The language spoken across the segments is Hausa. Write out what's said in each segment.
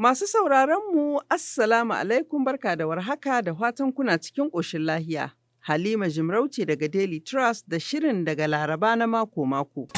Masu sauraron mu Assalamu alaikum barka da warhaka da fatan kuna cikin ƙoshin lahiya. Halima Jimarauce daga Daily Trust da shirin daga Laraba na mako-mako.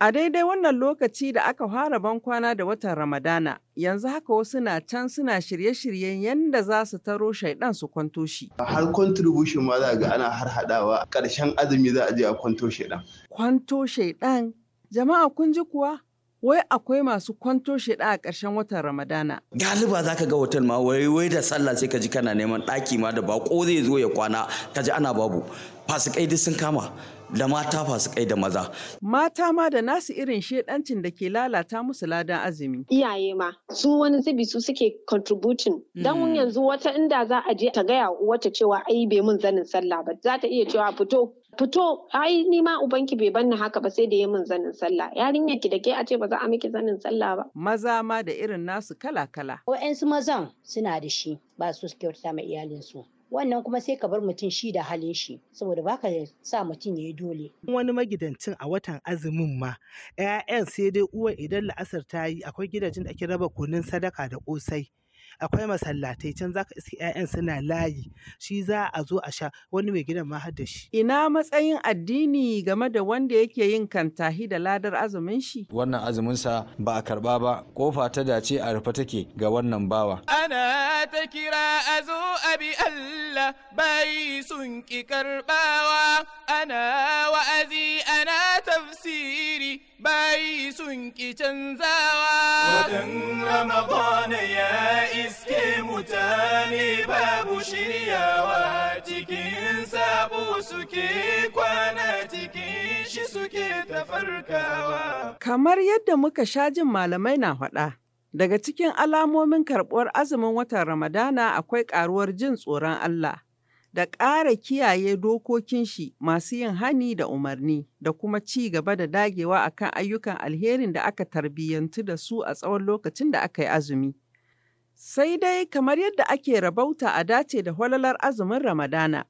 A daidai wannan lokaci da aka fara bankwana da watan Ramadana, yanzu haka wasu na can suna shirye-shiryen yadda za su taro shaidan su kwanto shi. Har contribution ma za ga ana har hadawa ƙarshen azumi za a je a kwanto shaidan. Kwanto shaidan? Jama'a kun ji kuwa? wai akwai masu kwanto shida a ƙarshen watan Ramadana. Galiba za ka ga hotel ma wai wai da sallah sai ka ji kana neman ɗaki ma da ko zai zo ya kwana ka ji ana babu. Fasikai duk sun kama da mata fasikai da maza. Mata ma da nasu irin shedancin da ke lalata musu ladan azumi. Iyaye ma su wani zubi su suke contributing. Dan hmm. yanzu wata inda za a je ta gaya ta cewa ai bai mun zanin sallah ba za ta iya cewa fito fito ai ni ma ubanki bai banni haka ba sai da ya min zanin sallah yarinyar ki da ke a ce ba za a miki zanin sallah ba maza ma da irin nasu kala kala wa'yansu mazan suna da shi ba su wata ma su wannan kuma sai ka bar mutum shi da halin shi saboda baka sa mutum ya yi dole. Wani magidancin a watan azumin ma 'ya'yan sai dai uwa idan la'asar ta yi akwai gidajen da ake raba kunun sadaka da kosai. akwai masallatai can zaka iske 'ya'yan suna layi shi za a zo a sha wani mai gidan ma har shi ina matsayin addini game da wanda yake yin kantahi da ladar azumin shi wannan azumin sa ba a karba ba kofa ta dace a rufe take ga wannan bawa ana ta kira azu abi Allah bai sun ki karbawa ana wa'azi ana tafsiri bayi sun ki canzawa. Watan Ramadana ya iske mutane babu shiryawa cikin sabo suke kwana cikin shi suke tafarkawa. Kamar yadda muka sha jin malamai na faɗa. Daga cikin alamomin karɓuwar azumin watan Ramadana akwai ƙaruwar jin tsoron Allah. da ƙara kiyaye dokokin shi masu yin hani da umarni, da kuma ci gaba da dagewa akan ayyukan alherin da aka tarbiyyantu da su a tsawon lokacin da aka yi azumi. Sai dai kamar yadda ake rabauta a dace da hwalalar azumin Ramadana,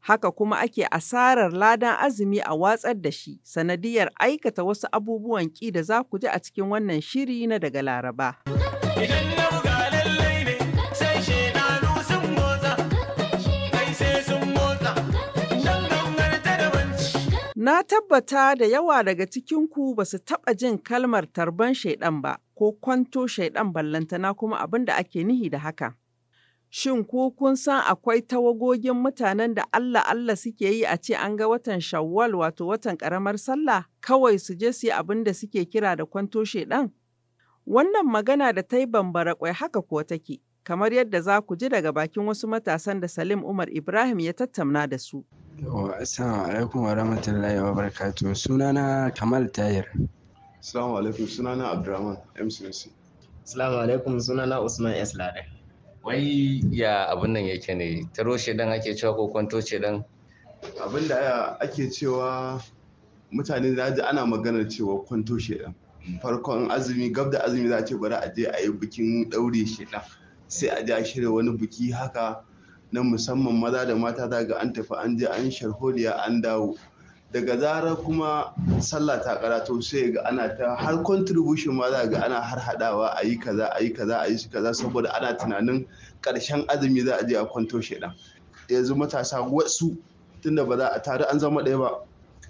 haka kuma ake asarar ladan azumi a watsar da shi sanadiyar aikata wasu abubuwan ƙi da za ku ji a cikin wannan shiri na daga Laraba. Na tabbata da yawa daga cikinku ba su taɓa jin kalmar tarban shaiɗan ba, ko kwanto shaiɗan ballantana kuma abin da ake nihi da haka. Shin ko kun san akwai tawagogin mutanen da Allah Allah suke yi a ce an ga watan Shawwal wato watan ƙaramar sallah kawai su je su yi abin da suke kira da kwanto shaiɗan? Wannan magana da ta yi bambara haka ko take. kamar yadda za ku ji daga bakin wasu matasan da Salim Umar Ibrahim ya tattauna da su. Assalamu alaikum wa rahmatullahi wa barakatuh. Sunana Kamal Tahir. Assalamu alaikum sunana Abdurrahman MCC. Assalamu alaikum sunana Usman S Lade. Wai ya abin nan yake ne taro dan ake cewa ko kwanto dan? Abin da ake cewa mutane da ji ana maganar cewa kwanto dan. Farkon azumi gab da azumi za a ce bari a je a yi bikin shi dan. sai a ja shirya wani buki haka na musamman maza da mata za ga an tafi an je an sharholiya an dawo daga zarar kuma sallah ta karatu sai ga ana ta har contribution ma za ga ana har hadawa a yi kaza a yi kaza a yi su kaza saboda ana tunanin karshen azumi za a je a kwanto dan yanzu matasa wasu tunda ba za a tare an zama daya ba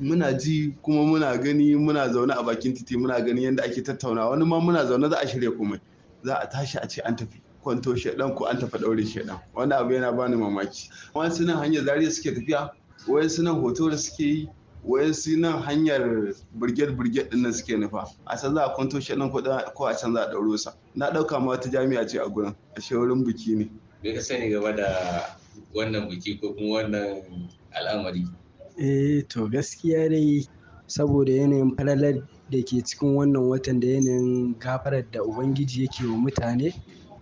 muna ji kuma muna gani muna zaune a bakin titi muna gani yadda ake tattauna wani ma muna zaune za a shirya komai za a tashi a ce an tafi kwanto shaidan ko an tafa daure shaidan wani abu yana bani mamaki wani sunan hanyar zariya suke tafiya wayan sunan hoto da suke yi wayan sunan hanyar birged birged din nan suke nufa a can za a kwanto shaidan ko a can za a dauro sa na dauka ma wata jami'a ce a gurin a shawarin biki ne me ka sani game da wannan biki ko kuma wannan al'amari eh to gaskiya dai saboda yanayin falalar da ke cikin wannan watan da yanayin gafarar da ubangiji yake wa mutane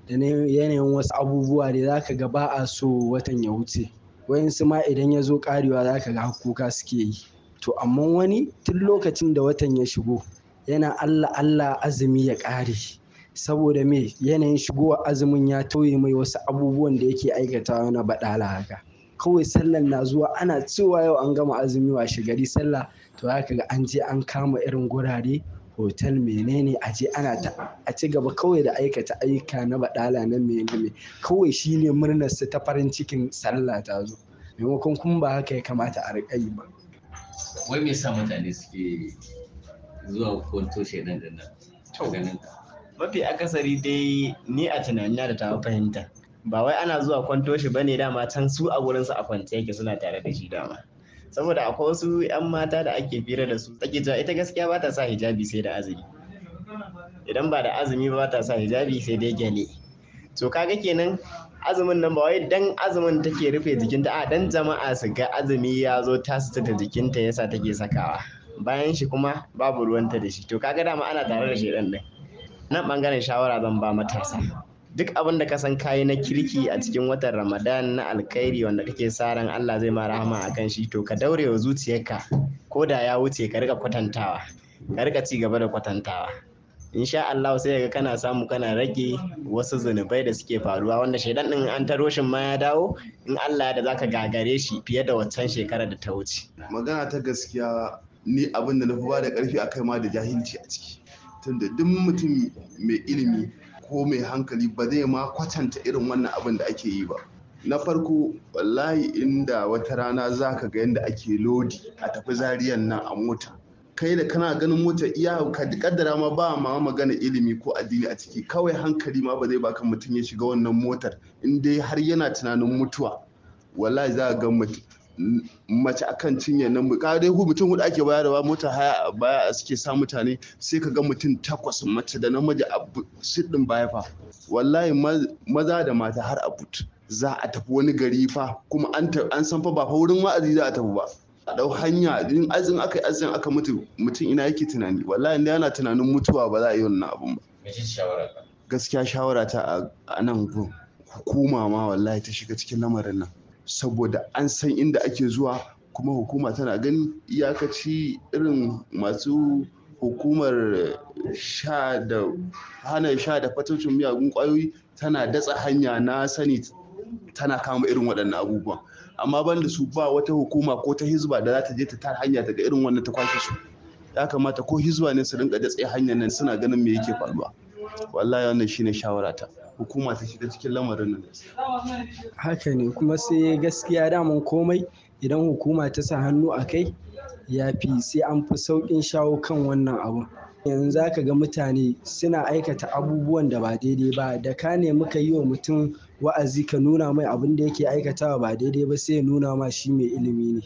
da yanayin wasu abubuwa da za ka ga ba a so watan ya wuce wayansu ma idan ya zo karewa za ka ga kuka suke yi to amma wani tun lokacin da watan ya shigo yana allah allah azumi ya kare saboda me yanayin shigowa azumin ya tauye mai wasu abubuwan da yake aikata na baɗala haka kawai sallar na zuwa ana cewa yau an gama azumi wa gari sallah to za ka ga an je an kama irin gurare hotel menene a je ana ta a ci gaba kawai da aikata aika na badala na menene kawai shine murnar su ta farin cikin sallah ta zo maimakon kun ba haka ya kamata a riƙa yi ba wai me yasa mutane suke zuwa kwanto shedan da nan mafi akasari dai ni a tunanin da ta fahimta ba wai ana zuwa kwanto shi bane dama can su a gurinsu a kwance yake suna tare da shi dama saboda akwai wasu 'yan mata da ake fira da su take cewa ita gaskiya ba ta sa hijabi sai da azumi idan ba da azumi ba ta sa hijabi sai dai gyale to kaga kenan azumin nan ba wai dan azumin take rufe jikinta a dan jama'a su ga azumi ya zo ta ta jikinta yasa take sakawa bayan shi kuma babu ruwanta da shi to kaga dama ana tare da shi dan nan bangaren shawara zan ba matasa duk abin da ka san kayi na kirki a cikin watan ramadan na alkhairi wanda kake sa ran allah zai ma rahama a kan shi to ka daure wa zuciyarka ko da ya wuce ka rika kwatantawa ka rika ci gaba da kwatantawa insha Allah sai ga kana samu kana rage wasu zunubai da suke faruwa wanda shaidan din an taro shin ma ya dawo in Allah ya da zaka gagare shi fiye da waccan shekara da ta wuce magana ta gaskiya ni abin da na fi ba da karfi akai ma da jahilci a ciki tunda duk mutum mai ilimi ko mai hankali ba zai ma kwatanta irin wannan abin da ake yi ba na farko wallahi inda wata rana za ka ga yadda ake lodi a tafi zariyan nan a mota kai da kana ganin mota iya ka kaddara ma ba ma magana ilimi ko addini a ciki kawai hankali ma ba zai baka mutum ya shiga wannan motar in dai har yana tunanin mutuwa wallahi za ga mutum mace akan cinye nan ka dai ku mutum hudu ake bayarwa mota haya baya suke sa mutane sai ka ga mutum takwas mace da namiji a shiddin baya fa wallahi maza da mata har a but za a tafi wani gari fa kuma an san fa ba fa wurin wa'azi za a tafi ba a dau hanya din azin aka yi azin aka mutu mutum ina yake tunani wallahi inda yana tunanin mutuwa ba za a yi wannan abun ba gaskiya shawara ta a nan hukuma ma wallahi ta shiga cikin lamarin nan saboda an san inda ake zuwa kuma hukuma tana gani iyakaci irin masu hukumar sha da hana sha da fatocin miyagun kwayoyi tana datsa hanya na sani tana kama irin waɗannan abubuwa. amma ban da su ba wata hukuma ko ta hizba da za ta je ta tar hanya daga irin wannan ta kwashe su ya kamata ko hizba ne su rinka datse hanyar nan suna ganin me yake faruwa wallahi wannan shine ta. hukuma ta shiga cikin lamarin nan haka ne kuma sai gaskiya daman komai idan hukuma ta sa hannu a kai ya fi sai an fi sauƙin shawo kan wannan abu yanzu za ka ga mutane suna aikata abubuwan da ba daidai ba da ka nemi ka yi wa mutum wa'azi ka nuna mai abin da yake aikatawa ba daidai ba sai ya nuna ma shi mai ilimi ne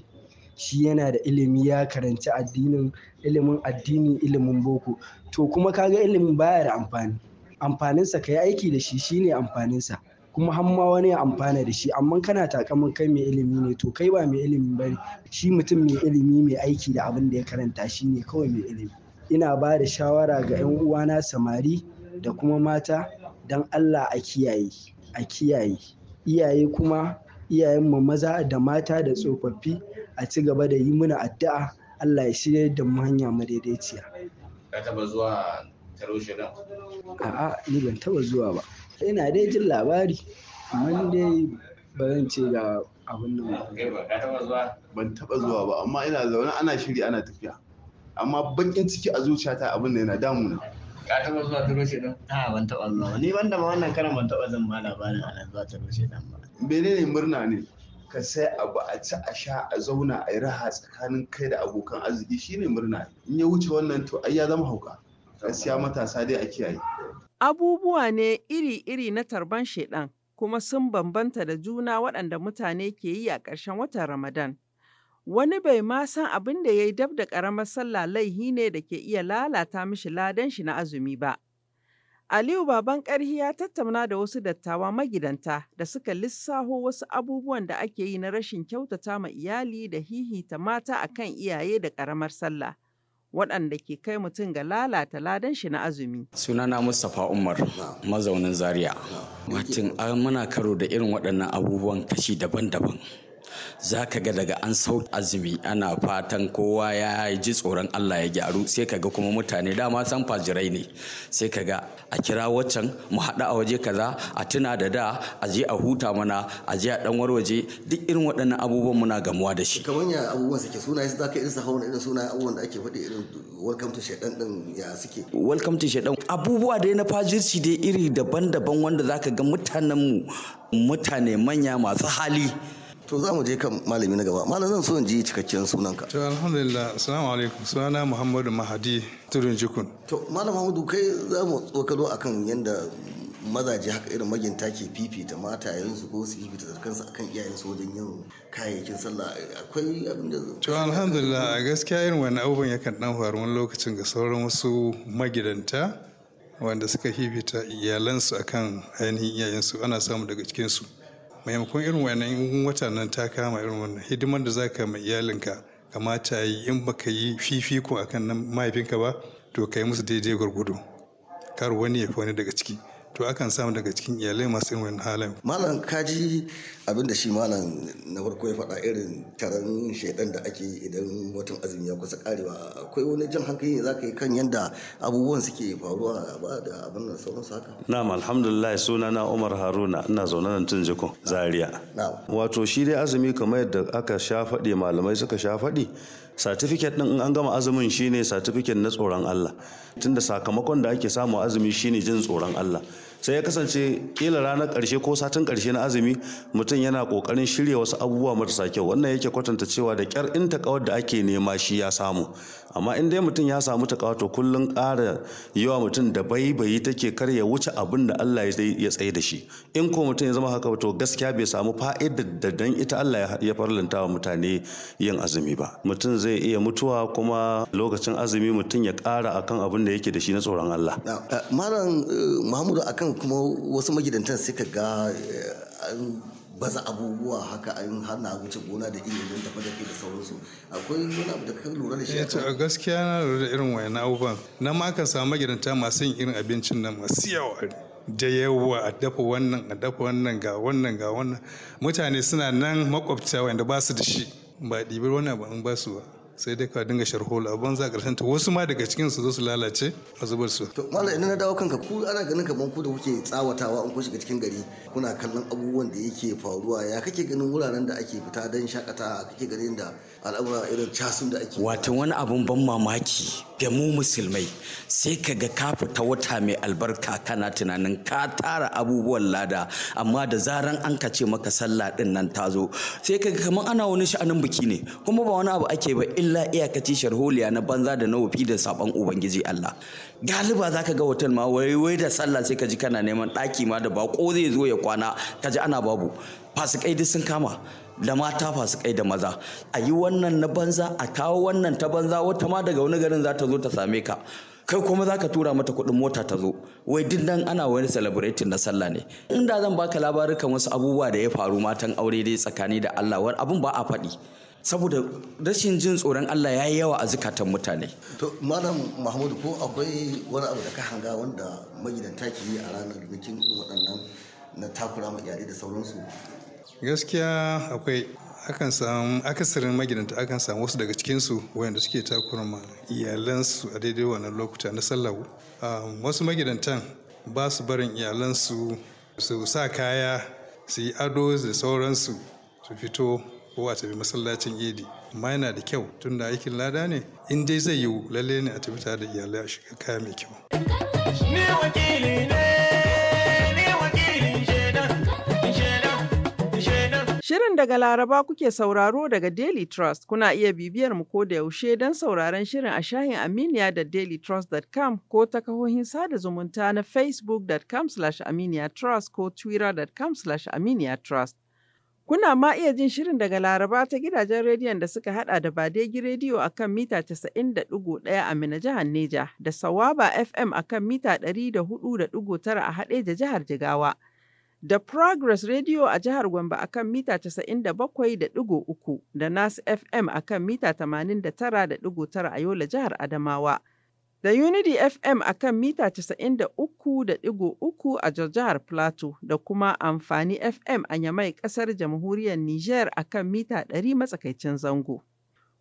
shi yana da ilimi ya karanci addinin ilimin addini ilimin boko to kuma kaga ilimin baya da amfani amfaninsa ka yi aiki da shi shine amfaninsa kuma hamma wani ya amfana da shi amma kana takamin kai mai ilimi ne to kai ba mai ilimi ba ne shi mutum mai ilimi mai aiki da abin da ya karanta shi ne kawai mai ilimi ina ba da shawara ga 'yan uwana samari da kuma mata don allah a kiyaye a kiyaye iyaye kuma iyayen mu maza da mata da tsofaffi a ci gaba da yi mana addu'a allah ya shirya da mu hanya madaidaiciya ka taba zuwa A'a, ni ban taɓa zuwa ba. Ina dai jin labari, amma dai ba zan ce ga abin nan ba. Ban taɓa zuwa ba, amma ina zaune ana shiri ana tafiya. Amma bakin ciki a zuciyata abin da yana damuna. Ka taba zuwa dan A ban taɓa zuwa Ni banda ma wannan karan ban taɓa zan ma labarin ana zuwa dan ba. Menene murna ne? ka sai abu a ci a sha a zauna a yi raha tsakanin kai da abokan arziki shine murna in ya wuce wannan to ai ya zama hauka gaskiya matasa dai a kiyaye. Abubuwa ne iri-iri na tarban shaidan kuma sun bambanta da juna waɗanda mutane ke yi a ƙarshen watan Ramadan. Wani bai ma san abin da ya yi dab da ƙaramar sallah laihi ne da ke iya lalata mishi ladan shi na azumi ba. Aliyu Baban Ƙarhi ya tattauna da wasu dattawa magidanta da suka lissaho wasu abubuwan da ake yi na rashin kyautata ma iyali da hihita mata akan iyaye da ƙaramar sallah. waɗanda ke kai mutum ga lalata ladan shi na azumi. Sunana Mustapha Umar mazaunin Zaria. Watin muna karo da irin waɗannan abubuwan kashi daban-daban. za ka ga daga an sau azumi ana fatan kowa ya ji tsoron Allah ya gyaru sai ka ga kuma mutane dama san fajirai ne sai ka ga a kira waccan mu haɗu a waje kaza a tuna da da a je a huta mana a je a ɗanwar waje duk irin waɗannan abubuwan muna gamuwa da shi kamar ya abubuwan suke sunaye su zaka irin sa hawan irin suna abubuwan da ake faɗi irin welcome to shedan ɗin ya suke welcome to shedan abubuwa dai na fajirci dai iri daban-daban wanda zaka ga mutanen mu mutane manya masu hali to za mu je kan malami na gaba malam zan so in ji cikakken sunanka to alhamdulillah assalamu alaikum sunana muhammadu mahadi turin jikun to malam mahmudu kai za mu tsokalo akan yanda mazaje haka irin maginta ke fifita yanzu ko su fifita su akan iyayensu wajen yin kayayyakin sallah akwai abin da to alhamdulillah a gaskiya irin wannan abubuwan yakan dan faru wani lokacin ga sauran wasu magidanta wanda suka fifita iyalansu akan ainihin iyayensu ana samu daga cikinsu maimakon irin wannan in watan nan ta kama irin wannan hidimar da za ka ma iyalinka kamata yi in baka yi fifiko akan nan mahaifinka ba to kai musu daidai gwargwado kar wani ya fi wani daga ciki to akan samu daga cikin iyalai masu yin wani halin. malam kaji abinda shi malam na farko ya faɗa irin taron shaidan da ake idan watan azumi ya kusa karewa akwai wani jan hankali za ka yi kan yadda abubuwan suke faruwa ba da abin nan sauransu haka. na'am alhamdulillah suna na umar haruna ina zaune nan tun jikon zaria. wato shi dai azumi kamar yadda aka sha faɗi malamai suka sha faɗi Satifiket din in an gama azumin shine satifiket na tsoron Allah tunda sakamakon da ake samu azumi shine jin tsoron Allah sai ya kasance kila ranar ƙarshe ko satin ƙarshe na azumi mutum yana ƙoƙarin shirya wasu abubuwa marasa kyau wannan yake kwatanta cewa da kyar in takawar da ake nema shi ya samu amma in dai mutum ya samu takawa to kullum ƙara yawa mutum da baibayi take kar ya wuce abin da Allah ya tsaye da shi in ko mutum ya zama haka to gaskiya bai samu fa'ida da dan ita Allah ya farlanta wa mutane yin azumi ba mutum zai iya mutuwa kuma lokacin azumi mutum ya ƙara akan abin da yake da shi na tsoron Allah malam eh, Muhammadu akan kuma wasu magidantan suka ga eh, an baza abubuwa haka an hana wuce gona da iri don tafi da da sauransu akwai wani abu da ka lura da shi eh to a gaskiya na lura da irin wayan abubuwan na ma ka samu magidanta masu yin irin abincin nan masu yawa da yawa a dafa wannan a dafa wannan ga wannan ga wannan mutane suna nan makwabta wanda ba su da shi ba ɗibar wani abu an ba su ba sai dai ka dinga sharhol a za a ta wasu ma daga cikin su zo su lalace a zubar su to mallam idan na dawo kanka ku ana ganin kaman ku da kuke tsawatawa in ku shiga cikin gari kuna kallon abubuwan da yake faruwa ya kake ganin wuraren da ake fita don shakatawa kake ganin da al'amura irin casun da ake wato wani abun ban mamaki da mu musulmai sai ka ga ka fita wata mai albarka kana tunanin ka tara abubuwan lada amma da zaran an kace maka sallah din nan ta zo sai ka ga kamar ana wani sha'anin biki ne kuma ba wani abu ake ba illa iyakaci sharholiya na banza da na da saban ubangiji Allah galiba zaka ga hotel ma wai da sallah sai ka ji kana neman ɗaki ma da bako zai zo ya kwana kaji ana babu fasikai duk sun kama da mata kai da maza a yi wannan na banza a kawo wannan ta banza wata ma daga wani garin za ta zo ta same ka kai kuma za ka tura mata kuɗin mota ta zo wai duk nan ana wani celebrating na sallah ne inda zan baka kan wasu abubuwa da ya faru matan aure dai tsakani da Allah wani abun ba a faɗi saboda rashin jin tsoron Allah ya yi yawa a zukatan mutane. To Malam Mahmudu ko akwai wani abu da ka hanga wanda magidanta ke yi a ranar bikin waɗannan na takura ma iyalai da sauransu gaskiya akwai akan samu akasarin magidanta akan samu wasu daga cikinsu wayanda suke takurma iyalansu a daidai wannan lokuta na sallahu wasu magidantan ba su barin iyalansu su sa kaya su yi ado da sauransu su fito ko a tafi masallacin idi amma yana da kyau tun da aikin lada ne in dai zai yiwu lalle ne a tafi tare da iyalai a shiga kaya mai kyau ne wakili ne Shirin daga Laraba kuke sauraro daga Daily Trust. Kuna iya bibiyar mu ko da yaushe don sauraron shirin a shahin Aminiya da dailytrust.com ko ta kahohin sada zumunta na facebookcom aminiyatrust ko twittercom aminiyatrust Kuna ma iya jin shirin daga Laraba ta gidajen rediyon da suka hada da Badegi rediyo a kan mita 90.1 a Mina jihar Neja da Sawaba FM a kan mita 104.9 a Haɗeja jihar Jigawa. da Progress Radio a jihar Gombe akan mita 97.3 da Nas FM akan mita 89.9 a Yola jihar Adamawa. Da Unity FM akan mita 93.3 a jihar Plateau da kuma Amfani FM a Yamai ƙasar jamhuriyar Niger akan mita 100 matsakaicin zango.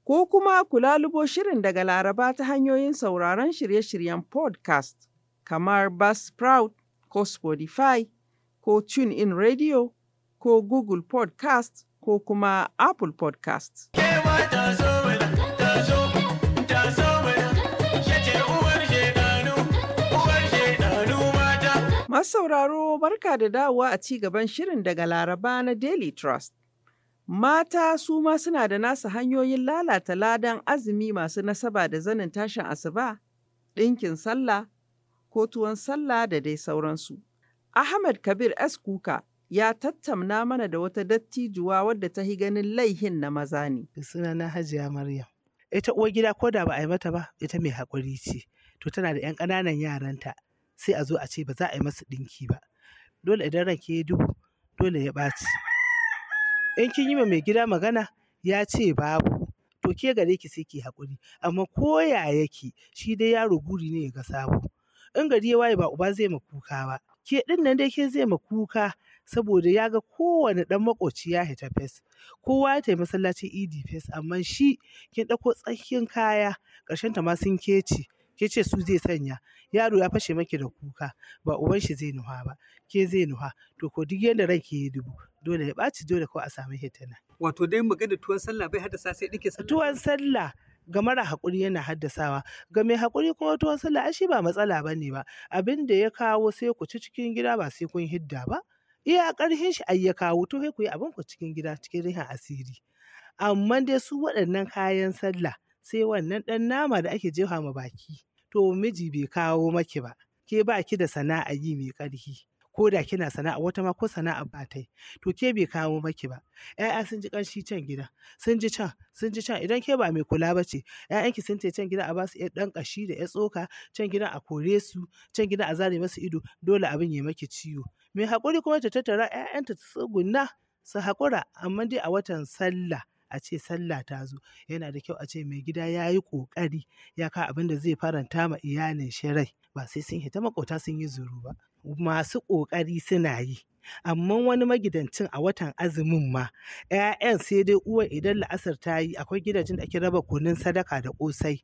Ko kuma ku lalubo shirin daga Laraba ta hanyoyin sauraron shirye-shiryen podcast kamar Buzzsprout ko Spotify ko in Radio ko Google Podcast ko kuma Apple Podcast. Masu sauraro barka da dawowa a ci gaban shirin daga Laraba na Daily Trust. Mata su ma suna da nasu hanyoyin lalata ladan azumi masu nasaba da zanin tashin asuba, ɗinkin sallah, ko tuwon sallah da dai sauransu. Ahmad Kabir S. Kuka ya tattamna mana da wata dattijuwa wadda ta yi ganin laihin na maza ne. suna na Hajiya Maryam. Ita uwar gida ko da ba a yi mata ba, ita mai haƙuri ce. To tana da 'yan ƙananan yaranta sai a zo a ce ba za a yi masu ɗinki ba. Dole idan rake ya dubu, dole ya ɓaci. In kin yi ma mai gida magana, ya ce babu. To ke gare ki sai ki haƙuri, amma ko ya yake shi dai yaro buri ne ya ga sabo. In gari ya waye ba uba zai ma kuka ba. ke ɗin nan dai ke zai ma kuka saboda ya ga kowane ɗan makoci ya hita fes kowa ya tafi masallacin idi fes amma shi kin ɗauko tsakiyar kaya karshen ta ma sun keci ke ce su zai sanya yaro ya fashe maki da kuka ba uban shi zai nuha ba ke zai nuha to ko duk yadda ranki ya dubu dole ya ɓaci dole ko a samu hitana. wato dai magana tuwon sallah bai hada sai dake sallah tuwon sallah ga mara haƙuri yana haddasawa ga mai haƙuri ko tuwon sallah ba matsala ba ne ba abin da ya kawo sai ku ci cikin gida ba sai kun hidda ba iya ƙarfin shi ai ya kawo to sai ku yi abin ku cikin gida cikin rihin asiri amma dai su waɗannan kayan sallah sai wannan ɗan nama da ake jefa ma baki to miji bai kawo maki ba ke baki da sana'a yi mai ƙarfi ko da kina sana'a wata ma ko sana'a ba ta yi to ke bai kawo maki ba ƴaƴa sun ji ƙanshi can gida sun ji can sun ji can idan ke ba mai kula ba ce ki sun ce can gida a ba su ɗan ƙashi da ya tsoka can gida a kore su can gida a zare masu ido dole abin ya maki ciwo mai haƙuri kuma ta tattara ƴaƴanta ta tsuguna su haƙura amma dai a watan sallah a ce sallah ta zo yana da kyau a ce mai gida ya yi ƙoƙari ya ka abin da zai faranta ma iyalin shirai ba sai sun hita makota sun yi zuru ba masu ƙoƙari suna yi amma wani magidancin a watan azumin ma 'ya'yan sai dai uwar idan la'asar ta yi akwai gidajen da ake raba kunun sadaka da ƙosai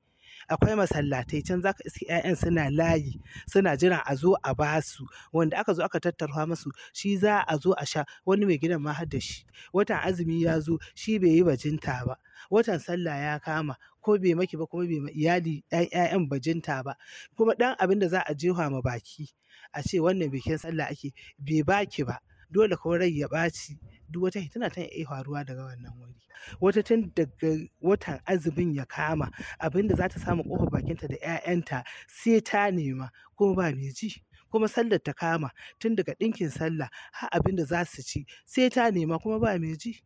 akwai masallatai can zaka iske 'ya'yan suna layi suna jiran a zo a ba su. wanda aka zo aka tattarwa musu shi za a zo a sha wani mai gidan ma shi watan azumi ya zo shi bai yi bajinta ba watan sallah ya kama ko bai maki ba kuma bai ma iyali ƴaƴan bajinta ba kuma dan abin da za a jefa ma baki a ce wannan bikin sallah ake bai baki ba dole ko rai ya ɓaci duk wata tana ta iya faruwa daga wannan wuri wata tun daga watan azumin ya kama abinda za ta samu kofar bakinta da 'ya'yanta sai ta nema kuma ba mai ji kuma sallar ta kama tun daga ɗinkin sallah har abinda za su ci sai ta nema kuma ba mai ji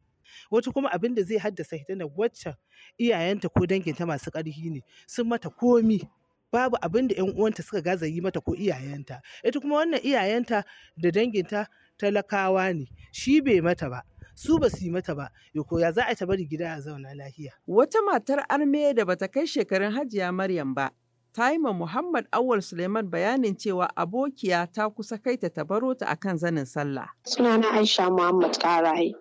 wata kuma abinda zai haddasa da waccan iyayenta ko danginta masu ƙarfi ne sun mata komi babu abinda 'yan uwanta suka gaza yi mata ko iyayenta ita kuma wannan iyayenta da danginta talakawa ne shi bai mata ba su ba su yi mata ba ya ya za a ta bari gida a zauna lafiya. Wata matar arme da bata kai shekarun hajiya Maryam ba ta yi ma Muhammad Awal Suleiman bayanin cewa abokiya ta kusa kai ta baro ta akan zanin sallah. Sunana Aisha Muhammad Karaye.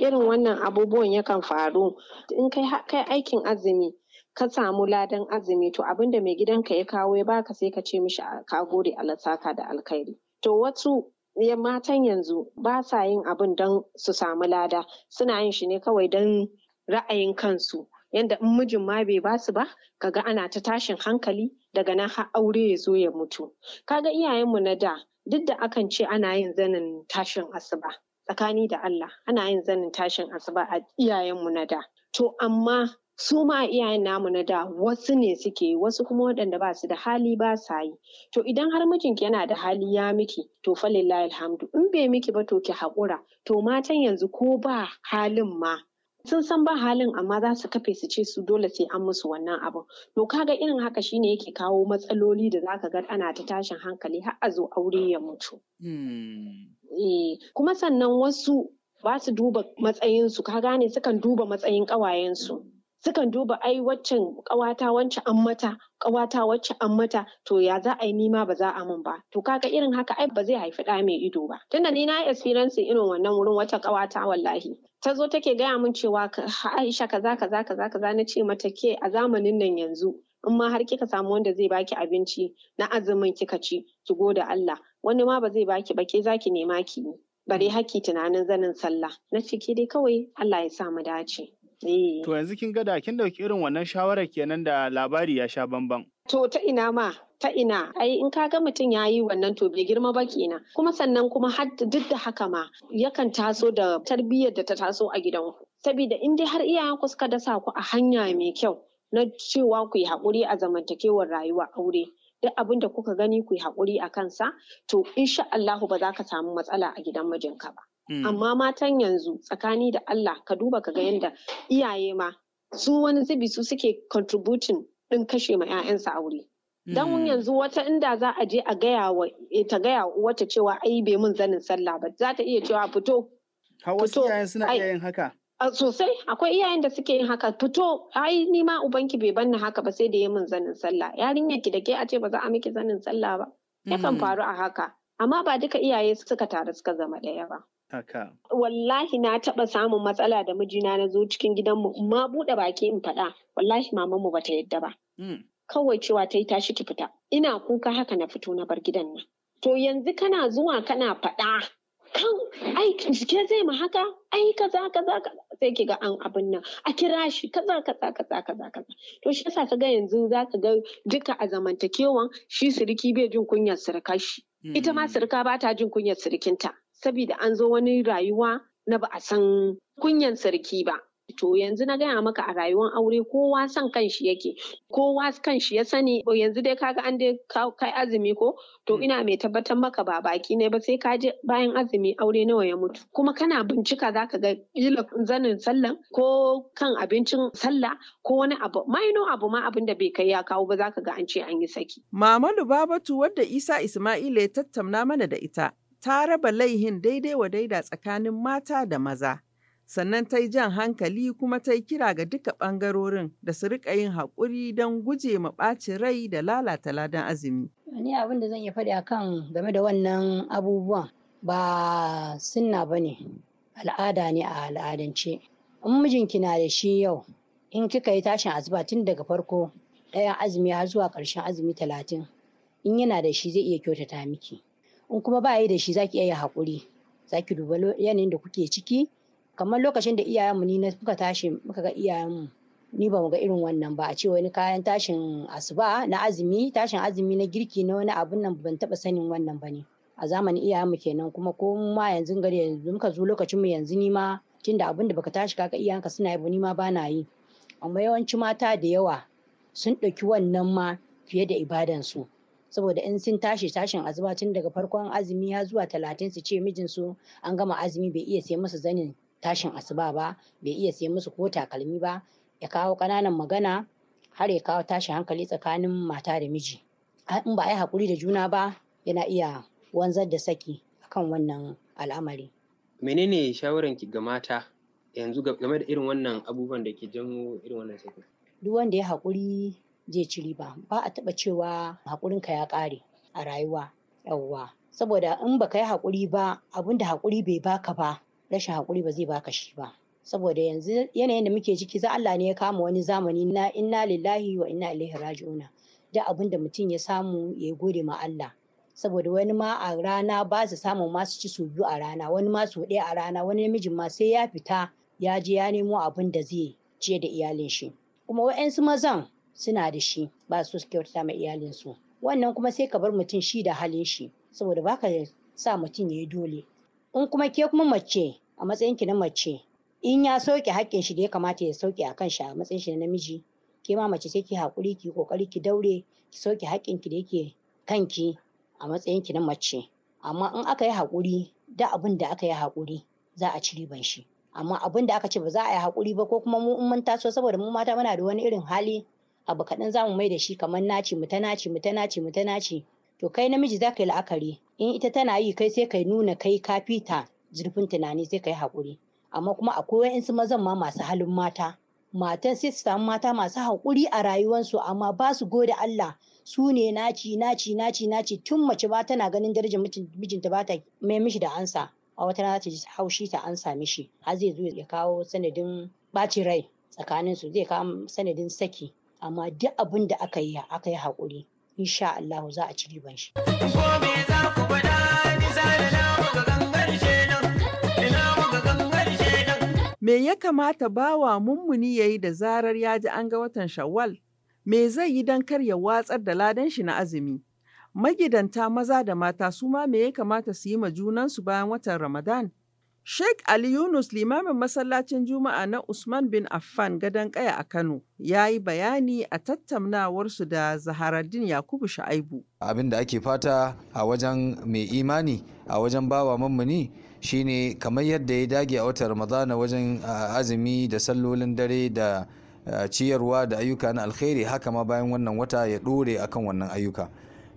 Irin wannan abubuwan yakan faru in kai aikin azumi ka samu ladan azumi to abin da mai gidanka ya kawo ya baka sai ka ce mishi ka gode Allah saka da alkhairi. To wasu matan yanzu ba sa yin abin don su samu lada suna yin shi ne kawai don ra'ayin kansu yadda in mijin ma bai basu ba kaga ana ta tashin hankali daga nan har aure ya zo ya mutu kaga iyayenmu na da duk da akan ce ana yin zanin tashin asuba tsakani da Allah ana yin zanin tashin asuba a iyayenmu na da to amma su ma iyayen namu na da wasu ne suke yi wasu kuma waɗanda ba su da hali ba sa yi to idan har mijinki yana da hali ya miki to fa alhamdu in bai miki ba to ki haƙura to matan yanzu ko ba halin ma sun san ba halin amma za su kafe su ce su dole sai an musu wannan abin to kaga irin haka shine yake kawo matsaloli da zaka ga ana ta tashin hankali har a zo aure ya mutu hmm. eh, kuma sannan wasu ba su duba matsayinsu ka gane sukan duba matsayin ƙawayensu sukan duba ai waccan kawata wacce an mata ƙawata wacce an mata to ya za a yi nima ba za a mun ba to kaga irin haka ai ba zai haifi ɗa mai ido ba tunda ni na experience irin wannan wurin wata kawata wallahi ta zo take gaya min cewa Aisha kaza kaza kaza kaza na ce mata ke a zamanin nan yanzu in ma har kika samu wanda zai baki abinci na azumin kika ci ki gode Allah wani ma ba zai baki ba ke zaki nema ki bare haki tunanin zanin sallah na ce ke dai kawai Allah ya sa mu dace Eh. To yanzu kin gada kin dauki irin wannan shawarar kenan da labari ya sha bamban. To ta ina ma ta ina ai in ka ga mutum ya yi wannan to bai girma ba kenan kuma sannan kuma duk da haka ma yakan taso da tarbiyyar da ta taso a gidanku. saboda in dai har ku suka dasa ku a hanya mai kyau na cewa ku yi haƙuri a zamantakewar rayuwa aure. duk abin da kuka gani ku yi haƙuri a kansa to insha Allahu ba za ka samu matsala a gidan mijinka ba. Mm. Amma matan yanzu tsakani da Allah ka duba ka ga yadda iyaye ma su wani zubi su suke contributing din kashe ma 'ya'yansa aure. Dan mm. yanzu wata inda za a je a gaya wa e, ta gaya wata cewa ai bai mun zanin sallah ba za ta iya cewa fito. Hawa iyayen suna iya yin haka. sosai akwai iyayen da suke yin haka fito ai ni ma ubanki bai banna haka ba sai da ya mun zanin sallah yarinyar ki da ke a ce ba za a miki zanin sallah ba yakan mm. faru a haka amma ba duka iyaye suka taru suka zama ɗaya ba Wallahi na taɓa samun matsala da mijina na zo cikin gidanmu, ma buɗe baki in faɗa, wallahi mamanmu ba ta yadda ba. Hmm. Kawai cewa ta yi tashi ki fita. Ina kuka haka na fito na bar gidan nan. To yanzu kana zuwa kana faɗa kan aiki jike zai ma haka ai kaza kaza sai ki ga an abin nan a kira shi kaza kaza kaza kaza kaza to shi yasa ga yanzu za zaka ga duka a zamantakewan shi siriki bai jin kunyar sirkar hmm. ita ma sirka ba ta jin kunyar sirikinta saboda an zo wani rayuwa na ba a san kunyan sarki ba. To yanzu na gaya maka a rayuwar aure kowa san kanshi yake, kowa kanshi ya sani yanzu dai kaga an dai kai azumi ko to mm. ina mai tabbatar maka ba baki ne ba sai ka je bayan azumi aure nawa ya mutu. Kuma kana bincika za ka ga ila zanin sallan ko kan abincin sallah ko wani abu maino abu ma abin da bai kai ya kawo ba za ka ga an ce an yi saki. Mamalu Babatu wadda Isa Isma'il ya tattauna mana da ita ta raba laihin daidai wa daida tsakanin mata da maza. Sannan ta yi jan hankali kuma ta yi kira ga duka ɓangarorin da su riƙa yin haƙuri don guje ma ɓacin rai da lalata ladan azumi. Ni abin da zan iya faɗi akan game da wannan abubuwan ba sunna ba ne, al'ada ne a al'adance. In mijinki na da shi yau, in kika yi tashin asuba tun daga farko ɗayan azumi har zuwa ƙarshen azumi talatin in yana da shi zai iya kyautata miki in kuma ba yi da shi zaki iya haƙuri zaki duba yanayin da kuke ciki kamar lokacin da iyayenmu ni na muka tashi muka ga iyayenmu ni ba mu ga irin wannan ba a ce wani kayan tashin asuba na azumi tashin azumi na girki na wani abun nan ban taba sanin wannan ba ne a zamanin iyayenmu kenan kuma ko ma yanzu gari yanzu muka zo lokacin mu yanzu ni ma tunda abin da baka tashi kaga iyayenka suna yi ba ni ma ba yi amma yawanci mata da yawa sun ɗauki wannan ma fiye da ibadansu saboda in sun tashi tashin azuba tun daga farkon azumi ya zuwa talatin su ce mijin su an gama azumi bai iya sai musu zanin tashin asuba ba bai iya sai musu ko takalmi ba ya kawo ƙananan magana har ya kawo tashin hankali tsakanin mata da miji in ba a yi haƙuri da juna ba yana iya wanzar da saki akan wannan al'amari menene shawaranki ga mata yanzu game da irin wannan abubuwan da ke janwo irin wannan saki duk wanda ya haƙuri zai ci ba a taɓa cewa haƙurinka ya ƙare a rayuwa yawwa saboda in baka yi haƙuri ba da haƙuri bai baka ba rashin haƙuri ba zai baka shi ba saboda yanzu yanayin da muke ciki za Allah ne ya kama wani zamani na inna lillahi wa inna ilaihi raji'una duk abin da mutum ya samu ya gode ma Allah saboda wani ma a rana ba su samu masu su ci su biyu a rana wani ma su ɗaya a rana wani namijin ma sai ya fita ya je ya nemo abun da zai ciye da iyalin shi kuma wa'yansu mazan suna da shi ba su kyautata ma iyalinsu wannan kuma sai ka bar mutum shi da halin shi saboda baka sa mutum ya yi dole in kuma ke kuma mace a matsayin ki na mace in ya sauke hakkin shi da ya kamata ya sauke a kanshi a matsayin shi na namiji ke ma mace sai ki hakuri ki kokari ki daure ki sauke hakkin ki da yake kanki a matsayin ki na mace amma in aka yi hakuri da abin da aka yi hakuri za a ci riban shi amma abin da aka ce ba za a yi hakuri ba ko kuma mu in mun taso saboda mu mata muna da wani irin hali abu kaɗan za mu mai da shi kamar naci mu ta naci mu ta naci mu ta naci to kai namiji za ka yi la'akari in ita tana yi kai sai kai nuna kai ka fita zurfin tunani sai kai haƙuri amma kuma akwai wa'insu mazan ma masu halin mata matan sai su samu mata masu haƙuri a rayuwarsu amma ba su gode Allah su ne naci naci naci naci tun mace ba tana ganin darajar mijinta ba ta mai mishi da ansa a wata rana ta ji haushi ta ansa mishi har zai zo ya kawo sanadin ɓacin rai tsakaninsu zai kawo sanadin saki amma duk abin da aka yi aka yi haƙuri insha Allah za a ci riban shi. Me ya kamata bawa mummuni ya yi da zarar ya ji an ga watan Shawwal? Me zai yi don kar ya watsar da ladan shi na azumi? Magidanta maza da mata su ma me ya kamata su yi ma junansu bayan watan Ramadan? Sheikh Ali Yunus limamin masallacin Juma'a na Usman bin Affan Gadon Ƙaya a Kano ya yi bayani a tattaunawarsu da Zaharaddin Yakubu Sha'aibu. Abin da ake fata a wajen mai imani a wajen bawa mammuni shine kamar yadda ya dage a watan Ramadana wajen azumi da sallolin dare da ciyarwa da ayyuka na alkhairi haka ma bayan wannan wata ya ɗore akan wannan ayyuka.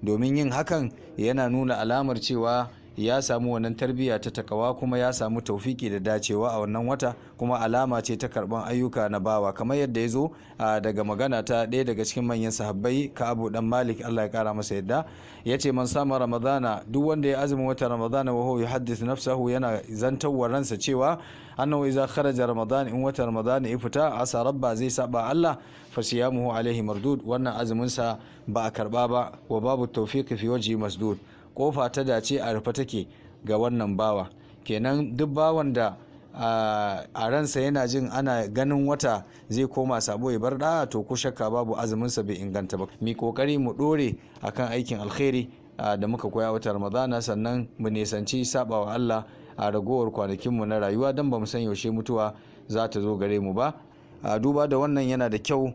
Domin yin hakan yana nuna alamar cewa ya samu wannan tarbiyya ta takawa kuma ya samu taufiki da dacewa a wannan wata kuma alama ce ta karban ayyuka na bawa kamar yadda ya zo daga magana ta ɗaya daga cikin manyan sahabbai ka abu dan malik allah ya kara masa yadda ya ce man sama ramadana duk wanda ya azumin wata ramadana wa huwa yuhaddith nafsahu yana zantawar ransa cewa annahu idza kharaja ramadana in wata ramadana ya fita asa rabba zai saba allah fa siyamuhu alaihi mardud wannan azumin sa ba a karba ba wa babu tawfiqi fi wajhi masdud kofa ta dace a rufe take ga wannan bawa kenan duk bawan da a ransa yana jin ana ganin wata zai koma sabo ya bar da'a to ku shakka babu azuminsa bai inganta ba mi kokari mu dore akan aikin alkhairi da muka koya wata ramadana sannan mu nisanci sabawa Allah a ragowar kwanakinmu na rayuwa don ba mu san yaushe mutuwa za ta zo gare mu ba a duba da wannan yana da kyau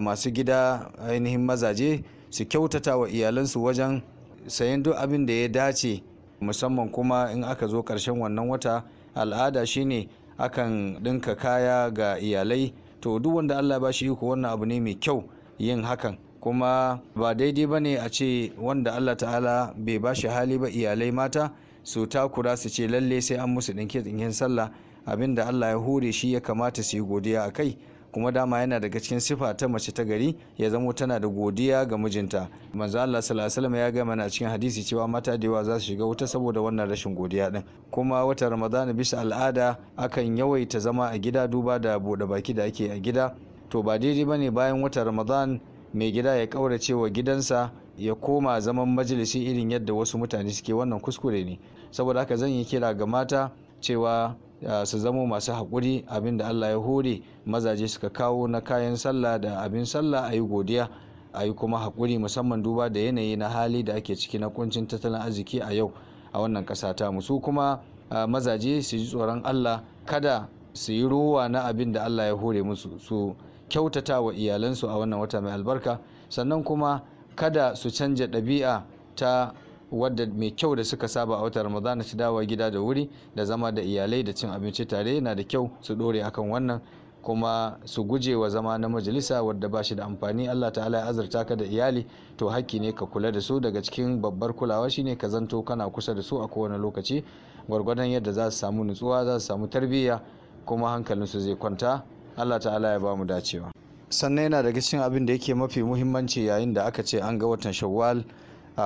masu gida ainihin mazaje su kyautata wa iyalansu wajen sayan duk abin da ya dace musamman kuma in aka zo karshen wannan wata al'ada shine akan ɗinka kaya ga iyalai to duk wanda allah ba shi iko wannan abu ne mai kyau yin hakan kuma ba daidai ba ne a ce wanda allah ta'ala bai ba shi hali ba iyalai mata su takura su ce lalle sai an musu ɗinke ɗinken sallah abin da allah ya hure shi ya kamata su yi godiya a kai kuma dama yana daga cikin sifa ta mace ta gari ya zamo tana da godiya ga mijinta manzo Allah sallallahu alaihi ya ga mana cikin hadisi cewa mata da yawa za su shiga wuta saboda wannan rashin godiya din kuma wata ramadana bisa al'ada akan yawaita zama a gida duba da bude baki da ake a gida to ba daidai bane bayan wata ramadan mai gida ya kaurace wa gidansa ya koma zaman majalisi irin yadda wasu mutane suke wannan kuskure ne saboda haka zan yi kira ga mata cewa su zamo masu haƙuri abin da Allah ya hore mazaje suka kawo na kayan sallah da abin sallah a yi godiya a yi kuma haƙuri musamman duba da yanayi na hali da ake ciki na kuncin tattalin arziki a yau a wannan ƙasa ta musu kuma mazaje su ji tsoron Allah kada su yi ruwa na abin da Allah ya hore musu su kyautata wa iyalansu a wannan wata mai albarka sannan kuma kada su canja ɗabi'a ta wadda mai kyau da suka saba a watan ramadana su dawa gida da wuri da zama da iyalai da cin abinci tare yana da kyau su dore akan wannan kuma su guje wa zama na majalisa wadda ba shi da amfani Allah ta'ala ya azurta ka da iyali to hakki ne ka kula da su daga cikin babbar kulawa shine ka zanto kana kusa da su a kowane lokaci gwargwadon yadda za su samu nutsuwa za su samu tarbiyya kuma su zai kwanta Allah ta'ala ya ba mu dacewa sannan yana daga cikin abin da yake mafi muhimmanci yayin da aka ce an ga watan shawwal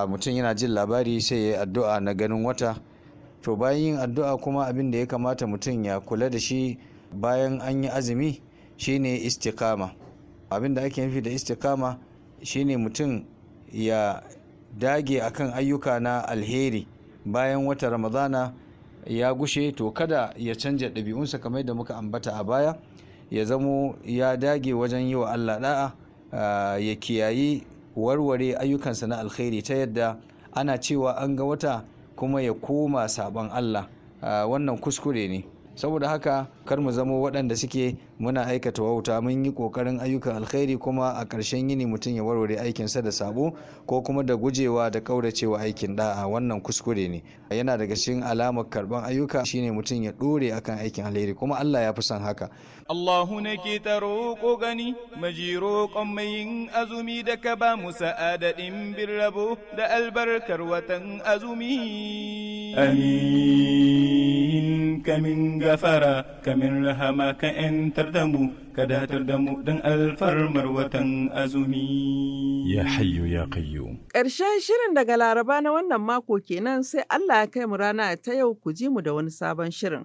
mutum yana jin labari sai ya yi addu'a na ganin wata to bayan yin addu'a kuma abin da ya kamata mutum ya kula da shi bayan an yi azumi shine istikama abin da ake nufi da istikama shine mutum ya dage akan ayyuka na alheri bayan wata ramadana ya gushe to kada ya canja ɗabi'unsa kamar da muka ambata a baya ya zamo ya dage wajen yi wa allah da'a ya kiyayi warware ayyukansa na alkhairi ta yadda ana cewa an ga wata kuma ya koma sabon Allah ah, wannan kuskure ne saboda haka kar mu zamo waɗanda suke muna aikata wauta mun yi kokarin ayyukan alkhairi kuma a karshen yini mutum ya warware aikinsa da sabo ko kuma da gujewa da kauracewa aikin da'a wannan kuskure ne yana daga cikin alamar karban ayyuka shine mutum ya dore akan aikin alheri kuma Allah ya fi son haka Allahu nake ta roƙo gani majiro roƙon azumi da ka ba mu sa'adadin bin rabo da albarkar watan azumi amin kamin gafara kamin rahama ka datar da mu ka datar da mu don alfarmar watan azumi ya hayyo, ya kayyo. ƙarshen shirin daga laraba na wannan mako kenan sai Allah ya kai mu rana ta yau ku ji mu da wani sabon shirin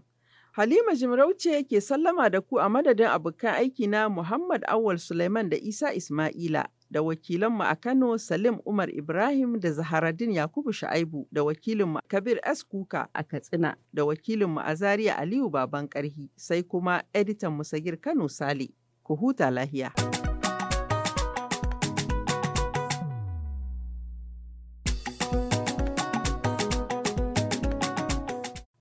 Halima Jimarauce ke sallama da ku a madadin abokan aiki na Muhammad Awal Suleiman da Isa Ismaila da wakilanmu a Kano Salim Umar Ibrahim da Zaharaddin Yakubu Sha'aibu da wakilinmu Kabir S. Kuka a Katsina da wakilinmu a Zaria Aliyu Baban Karhi sai kuma editan Musagir Kano Sale. Ku huta lahiya.